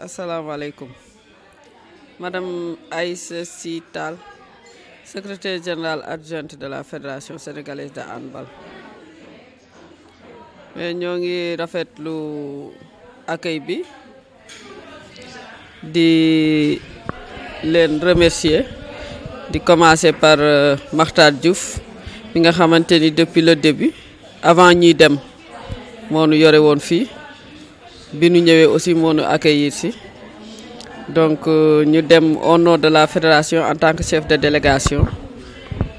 alaikum madame Aïssa Sital secrétaire générale adjointe de la fédération sénégalaise de handball Nous voudrais ngi rafetlu accueil bi remercier di commencer par euh, Makhtar Diouf qui nga a depuis le début avant ñuy dem nous nu yore nous ñu aussi accueillis ici. donc euh, ñu au nom de la fédération en tant que chef de délégation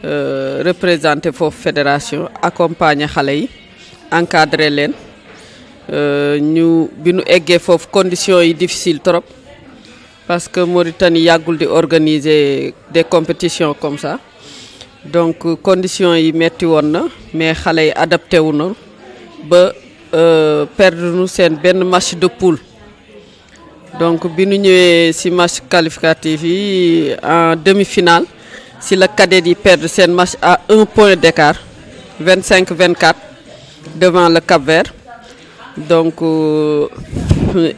euh, représenter la fédération accompagner xalé yi encadrer nous euh, ñu des conditions difficiles trop parce que Mauritanie a di organiser des compétitions comme ça donc conditions yi metti mais xalé yi adapté wu euh, perdre nous une belle match de poule donc si nous match qualificatif en demi-finale si la cadet perd perdre match à un point d'écart 25 24 devant le Cap-Vert donc euh,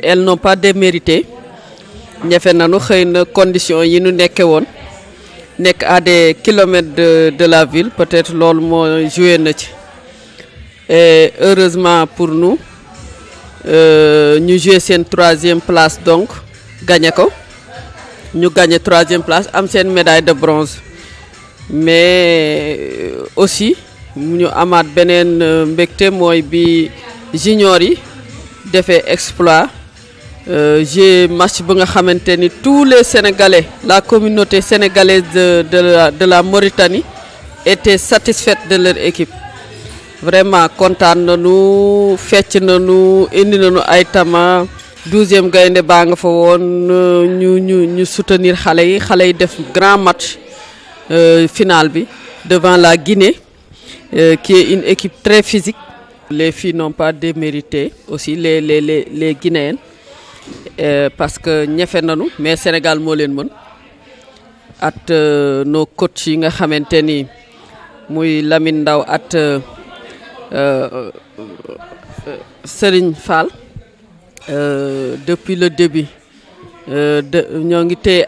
elles n'ont pas démérité nous avons une condition yi à des kilomètres de la ville peut-être nous avons joué et heureusement pour nous, euh, nous jouons une troisième place, donc, gagné quoi. Nous gagnons troisième place, avons une médaille de bronze. Mais euh, aussi, nous avons benen euh, mbekté moy bi junior yi exploit euh, j'ai match bu tous les sénégalais la communauté sénégalaise de, la, de la Mauritanie était satisfaite de leur équipe vraiment content de nous nañu indi nous ay tama douzième gaynde baa nga fa woon ñu ñu ñu soutenir xale yi xale yi def grand match euh, final devant la Guinée euh, qui est une équipe très physique. Les filles n'ont pas démérité aussi les les les les Guinéennes euh, parce que ñefe nañu mais Sénégal mo leen mën at nos coachs yi nga xamanteni muy Lamine at. Euh, euh, Serigne Fall euh, depuis le début nous avons été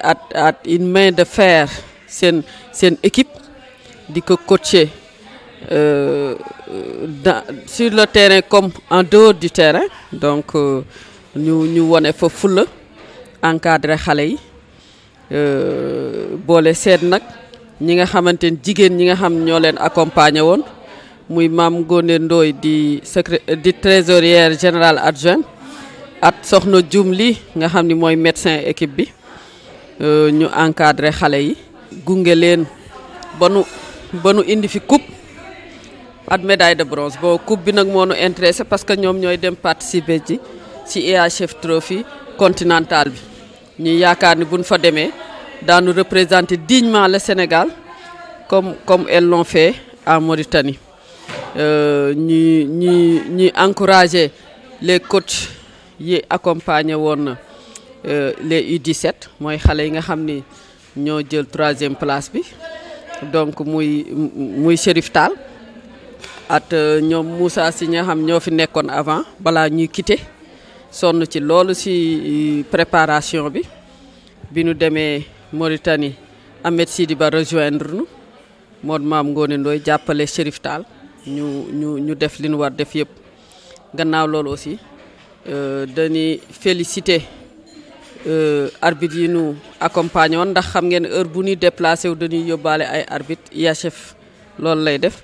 une main de fer C'est une équipe di ko coacher sur le terrain comme en dehors du terrain donc nous ñu wone fa fulla encadrer xale yi boole seet nag ñi nga xamante ñi nga muy mam gonde ndoy di eh, di trésorière général adjoint at soxna djumli nga xamni ni médecin équipe bi euh, ñu encadrer xalé yi gungé len banu banu indi fi coupe at médaille de bronze bo coupe bi nak mo ñu intéressé parce que ñom ñoy dem participer ci ci EHF trophy continental bi ñi yaakaar ni buñ fa da daanu représenter dignement le Sénégal comme comme elles l'ont fait en Mauritanie Euh, ñi ñi encourager les coachs yi accompagner euh, les U17 Moi, xale yi nga xam ni troisième place bi donc muy muy Chérif Tal, at euh, ñoom Moussa si nga xam ñoo fi avant voilà, ñuy quitter son ci loolu si euh, préparation bi bi nu demee Mauritanie Ahmed Sidibé rejoindre nu moom maam Ngoné Ndoye jàppale Chérif Tal ñu ñu ñu def li ñu war def yépp gannaaw loolu aussi euh, dañuy féliciter euh, arbitre yi ñu accompagné woon ndax xam ngeen heure bu ñuy déplacé wu dañuy yóbbaale ay arbitre IHF loolu lay def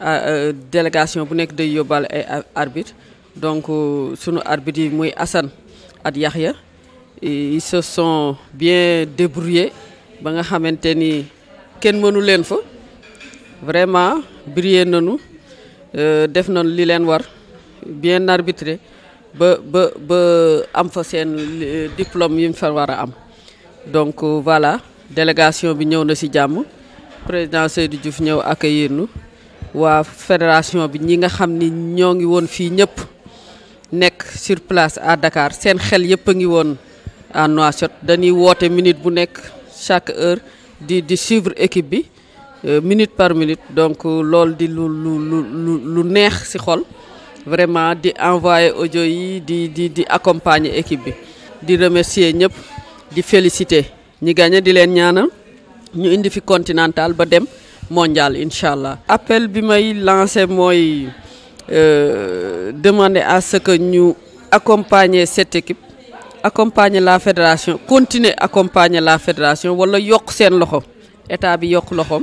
euh, délégation bu nekk day yóbbaale ay arbitre donc sunu arbitre yi muy Assane at Yaxya ils se sont bien débrouillés ba nga xamante ni kenn mënu leen fa vraiment briller nañu euh, def nañ li len war bien arbitré ba ba ba am fa sen euh, diplôme yim fa wara am donc euh, voilà délégation bi ñëw na ci jamm président Seydou Diouf ñëw accueillir nous waa fédération bi ñi nga xamni ni ñoo ngi woon fi ñëpp nek sur place à Dakar sen xel yëpp a ngi woon à Nouakchott dañuy woté minute bu nek chaque heure di di suivre équipe bi euh, minute par minute donc c'est euh, di lu lu lu lu neex xol vraiment di envoyer audio yi di di accompagner équipe bi di remercier ñëpp di féliciter ñi gagné di leen ñaanal ñu indi fi continental ba dem mondial inshallah appel bi may lancer mooy euh, demander à ce que nous accompagner cette équipe accompagner la fédération continuer accompagner la fédération wala yokk seen loxo état bi yokk loxoom.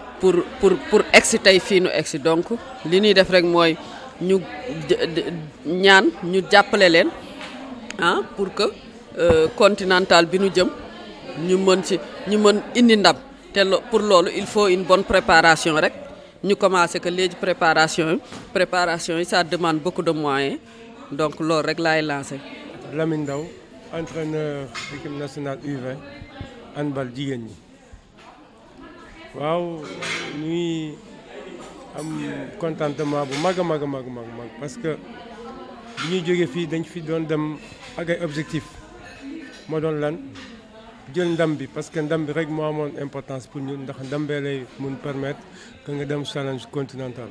pour pour pour egsi tey fii donc li ni def rek moy ñu ñaan ñu jappalé len ah pour que euh, continental bi nu jëm ñu mën ci ñu mën indi ndab té pour lolu il faut une bonne préparation rek ñu commencé que les préparation préparation ça demande beaucoup de moyens donc lolu rek lay lancé. Lamine Ndao entraîneur équipe nationale U20 handball jigéen ñi waaw ñuy am contentement bu mag a mag a mag mag mag parce que bi ñuy jógee fii dañ fi doon dem ak ay objectif moo doon lan jël ndam bi parce que ndam bi rek moo amoon importance pour ñun ndax ndam bee lay mun permettre que nga dem challenge continental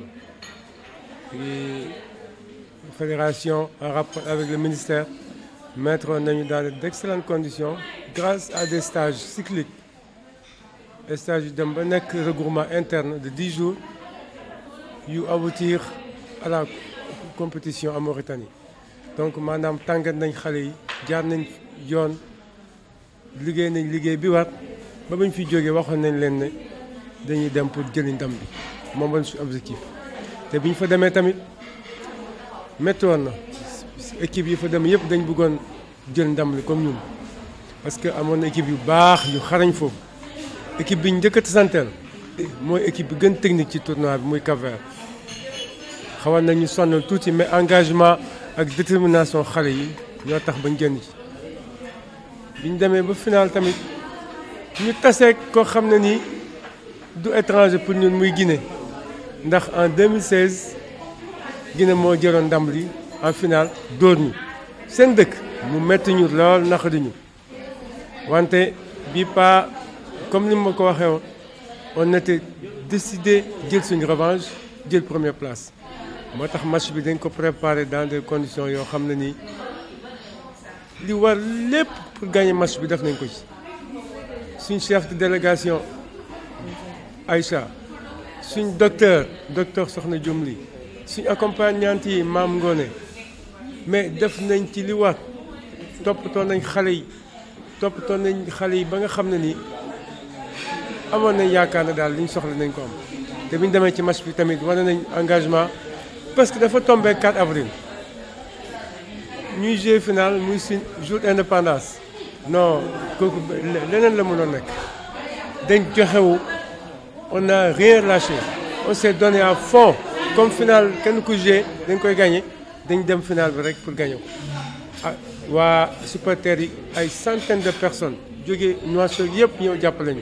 fédération en rapport avec le ministère mettre nañu dans d'excellentes conditions grâce à des stages cycliques stage de dem ba regroupement interne de 10 jours yu aboutir à la compétition en Mauritanie donc madame tàngat nañ xale yi jaar nañ Ligue liggéey nañ liggéey bi war ba bañ fi jógee waxoon nañ leen dañuy dem pour jëli ndam bi moom lañ objectif te bi ñu fa demee tamit métti woon équipe yi fa dem yëpp dañ bëggoon jël ndam li comme ñun parce que amoon na équipe yu baax yu xarañ foofu équipe bi ñu njëkk a tasanteel mooy équipe bi gën technique ci tournoi bi muy Cap-Vert xawoon nañu sonn tuuti mais engagement ak détermination xale yi ñoo tax bañ génn ci bi ñu ba final tamit ñu taseeg koo xam ni nii du étranger pour ñun muy Guinée ndax en 2016 guiné mo jëron ndam li en final door ñu seen dëkk mu metti ñu lool naqari ñu wante bi pas comme ni ma ko on était décidé jël suñu revanche jël première place moo tax match bi dañ ko préparer dans des conditions yo xamna ni li war lépp pour gagner match bi def nañ ko ci suñ chef de délégation Aïcha suñ docteur docteur Soxna Diom li suñ accompagnante yi Maam mais def nañ ci li war to nañ xalé yi to nañ xalé yi ba nga xamna ni amoon nañ yaakaar ne daal li ñu soxla nañ ko am te bi ñu demee ci match bi tamit wane nañ engagement parce que dafa tombé 4 avril ñuy joué final muy suñ jour indépendance non kooku leneen la mënoon nekk dañ joxewu on a rien lâché on s'est donné à fond comme final kenn ku joué dañ koy gagné dañ dem final bi rek pour gagné ko ah waa supporters yi ay centaine de personnes jógee Nouakchott yëpp ñëw jàppale ñu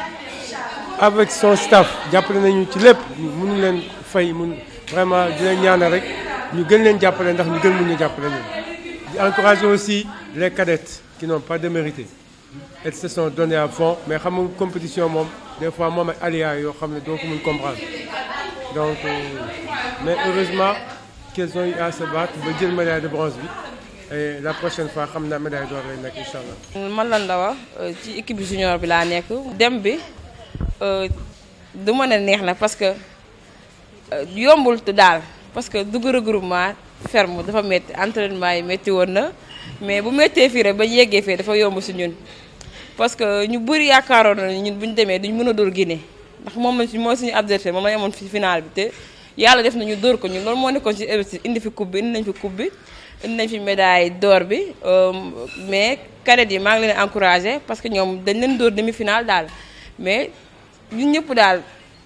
avec son staff jappalé nañu ci lépp mënu leen fay mun vraiment di leen ñaanal rek ñu gën leen jappalé ndax ñu gën mun ñu jàppale ñun. di encourager aussi les cadettes qui n'ont pas de démérité elles se sont données à fond mais xam nga compétition mom des fois mom ak aléa yo xamné ne doo ko mun comprendre donc euh, mais heureusement qu'elles ont eu à se battre ba jël médaille de bronze bi. Et la prochaine fois xam naa médaille d'or lay nek incha man lan la wax euh, ci équipe junior bi la nek dem bi. Euh, du mën a neex na parce que euh, yombul daal parce que dugg regroupement ferme dafa métti entraînement yi métti woon na mais bu méttee fii rek ba ñu yeggee fii dafa yomb si ñun parce que ñu bëri yaakaaroon na ñun buñ ñu demee duñ mën a dóor Guinée ndax moom lañ mooy suñu adversaire moom la amoon fi final bi te yàlla def na ñu dóor ko ñun loolu moo nekkoon ci objectif indi fi coupe bi indi nañ fi coupe bi indi nañ fi médaille d'or bi euh, mais cadets yi maa ngi leen encouragé parce que ñoom dañ leen dóor demi final daal mais ñun ñëpp daal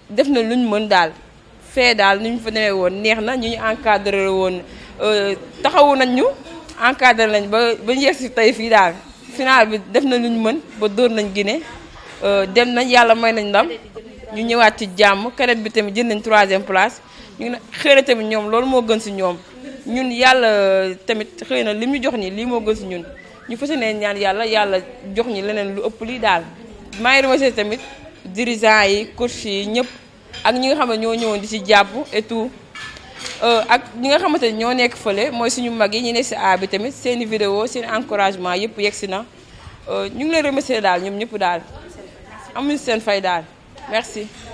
def na lu ñu mën daal fee daal ni ñu fa demee woon neex na ñu ñu encadré woon euh, taxawu nañ ñu encadre nañ ba ba ñu yegg si tey fii daal final bi def na luñ mën ba dóor nañ Guinée euh, dem nañ yàlla may nañ ndam ñu ñëwaat ci jàmm kadet bi tamit jën nañ troisième place ñu ne xëy na tamit ñoom loolu moo gën si ñoom ñun yàlla euh, tamit xëy na li mu jox ñi lii moo gën si ñun ñu fas yéene ñaan yàlla yàlla jox ñi leneen lu ëpp lii daal maa ngi dirigeants yi coach yi ñëpp ak ñi nga xam ne ñoo ñëwoon di ci jàpp et tout euh, ak ñi nga xamante ne ñoo nekk fële mooy suñu mag yi ñu nekk ci A bi tamit seeni vidéo seen encouragement yëpp yegg si na euh, ñu ngi leen remercier daal ñoom ñëpp daal amuñu seen fay daal merci